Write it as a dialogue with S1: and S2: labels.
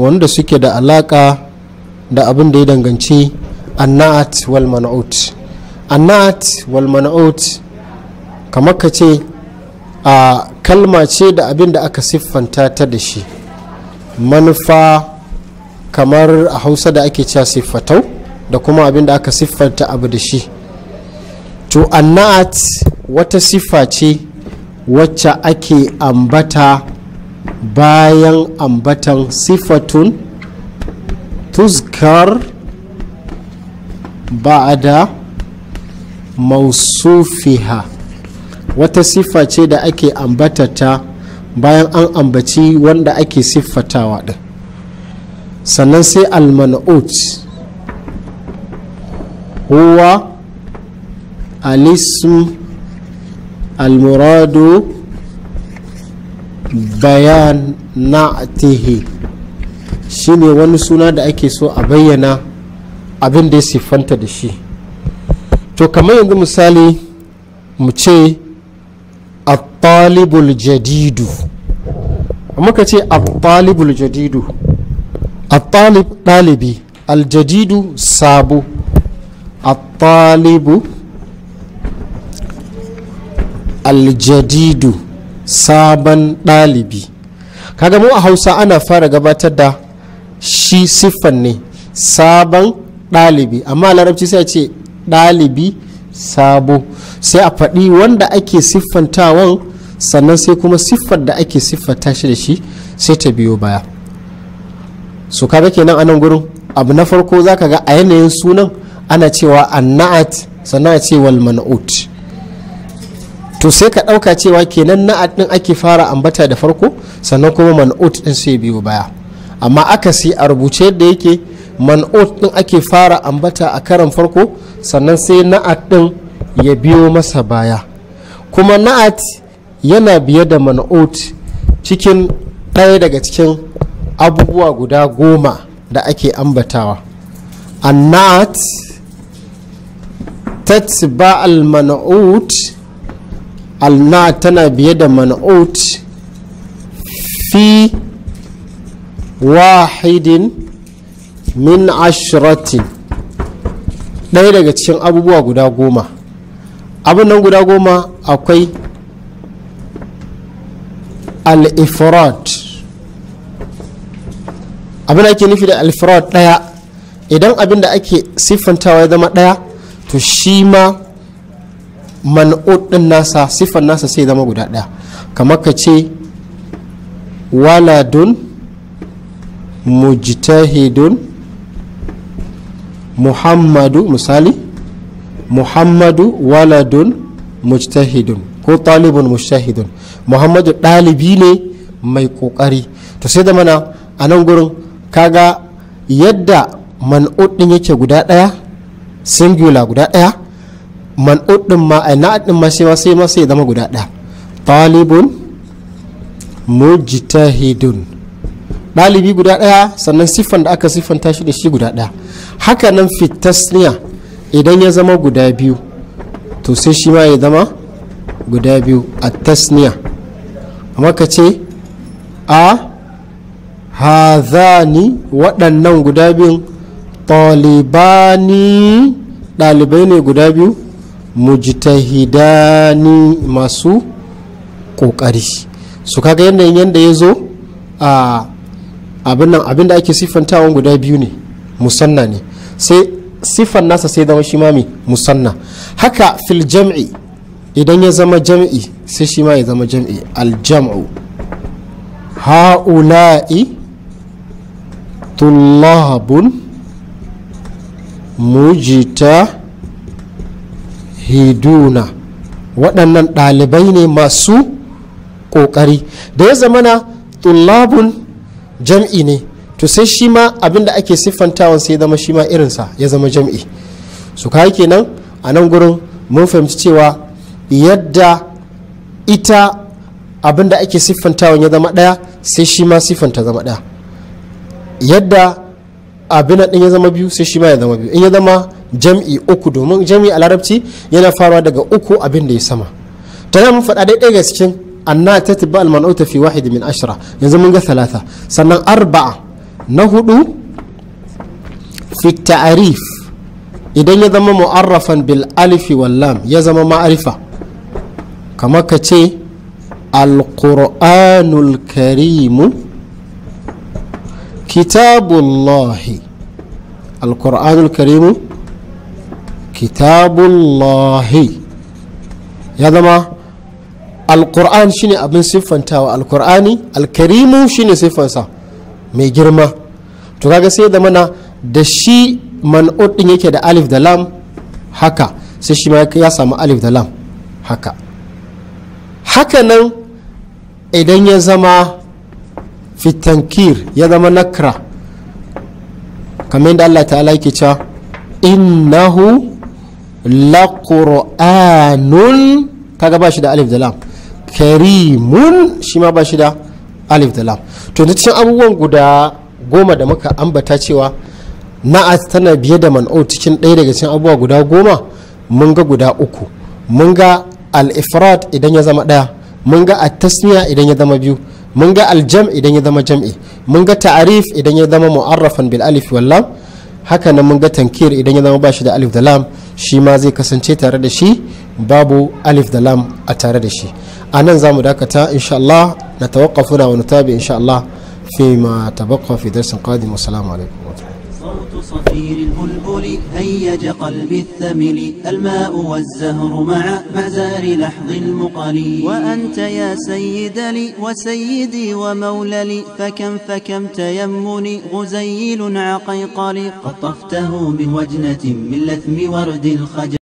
S1: wanda suke da alaka da abin da ya danganci annat wal mana'ut annat wal mana'ut kamar ka ce a kalma ce da abin da aka siffanta ta da shi manufa kamar a hausa da ake cewa siffatau da kuma abin da aka siffanta abu da shi to annat wata siffa ce wacce ake ambata bayan ambatan sifatun tuskar ba'ada mausufiha wata sifa ce da ake ambatata bayan an ambaci wanda ake siffatawa din sannan sai alman'ut huwa alism almuradu bayana na tehe shi ne wani suna da ake so a bayyana abin da ya siffanta da shi to kamar yanzu misali mu ce a talibul jadidu muka ce a talibul jadidu a talib ɗalibi aljadidu sabo a talibu aljadidu sabon ɗalibi kaga mu a hausa ana fara gabatar da shi siffan ne sabon ɗalibi amma larabci sai a ce ɗalibi sabo sai a faɗi wanda ake siffantawan sannan sai kuma siffar da ake siffanta shi da shi sai ta biyo baya su kaga kenan anan gurin abu na farko zaka ga a yanayin sunan ana cewa anna'at sannan a ce wal man'ut to sai ka ɗauka cewa kenan na'at ɗin ake fara ambata da farko sannan kuma man'ut ɗin sai biyu baya amma aka sai a rubuce da yake man'ut ɗin ake fara ambata a karan farko sannan sai na'at ɗin ya biyo masa baya kuma na'at yana biye da man'ut cikin ɗaya daga cikin abubuwa guda goma da ake ambatawa annat tatba al-man'ut alna tana biye da man'ut fi wahidin min ashratin ɗaya daga cikin abubuwa guda goma abin nan guda goma akwai al-ifrat abin ake nufi da al ɗaya idan abin da ake siffantawa ya zama ɗaya to shi ma man'ud ɗin nasa siffar nasa sai zama guda ɗaya kamar ka ce waladun mujtahidun muhammadu misali muhammadu waladun mujtahidun ko talibun mujtahidun muhammadu ɗalibi ne mai ƙoƙari to sai da mana a nan gurin kaga yadda man'ud yake guda ɗaya singular guda ɗaya man din ma a ma sai zama guda ɗaya talibun mujtahidun ɗalibi guda ɗaya sannan siffan da aka siffanta shi da shi guda ɗaya haka nan fitasniya idan ya zama guda biyu to sai shi ma ya zama guda biyu a tasniya amma ka ce a hazani waɗannan guda biyun ɗalibani ɗalibai ne guda biyu mujtahidani masu kokari su kaga yanayin yadda ya zo a abin da ake wani guda biyu ne musanna ne sai siffan nasa sai zama shi mami musanna haka fil jam'i idan ya zama jam'i sai shi ma ya zama jam'i aljam'u ha'ula'i tullabun mujita hiduna waɗannan ɗalibai ne masu ƙoƙari da ya zamana tulabun jam'i ne to sai shi ma abinda ake siffantawan sai zama shi ma irinsa ya zama jam'i su kai kenan a nan gurin mun fahimci cewa yadda ita abinda ake siffantawan ya zama ɗaya sai shi ma siffanta zama ɗaya yadda abin ɗin ya zama biyu sai shi ma ya zama biyu in ya zama jam'i uku domin jam'i a larabci yana farawa daga uku abin da ya sama ta nan mun faɗa daidai ga cikin anna ta tibba almanauta fi wahid min ashira yanzu mun ga talata sannan arba'a na hudu fi ta'arif idan ya zama mu'arrafan bil alifi wallam ya zama ma'arifa kamar ka ce alqur'anul karimu kitabullahi alqur'anul karimu kitabullahi ya zama alkur'an shine abin siffantawa alkur'ani alkarimu shine siffansa mai girma to kaga sai da mana da shi man'ud din yake da alif da lam haka sai shi ya samu alif da lam haka hakanan idan ya zama fitankir ya zama nakra kamar yadda allah ta'ala yake cewa innahu la kaga ba shi da alif da lam karimun shi ma ba shi da alif da lam to da cikin abubuwan guda goma da muka ambata cewa na'at tana biye da man'o cikin ɗaya daga cikin abubuwa guda goma mun ga guda uku mun ga al-ifrat idan ya zama ɗaya mun ga at-tasmiya idan ya zama biyu mun ga aljam idan ya zama jam'i mun ga ta'arif idan ya zama mu'arrafan bil alif wal lam haka nan mun ga tankir idan ya zama ba shi da alif da lam shi ma zai kasance tare da shi babu alif da lam a tare da shi a nan za mu dakata insha Allah na tawaqqafuna wani tabi insha Allah fi ma tabakwa fi darsin qadim assalamu alaikum زفير البلبل هيج قلبي الثمل الماء والزهر مع مزار لحظ المقلي وأنت يا سيد لي وسيدي ومولى فكم فكم تيمني غزيل عقيقلي قطفته بوجنة من لثم ورد الخجل